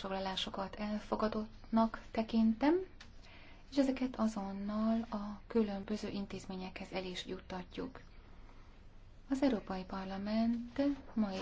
foglalásokat elfogadottnak tekintem, és ezeket azonnal a különböző intézményekhez el is juttatjuk. Az Európai Parlament mai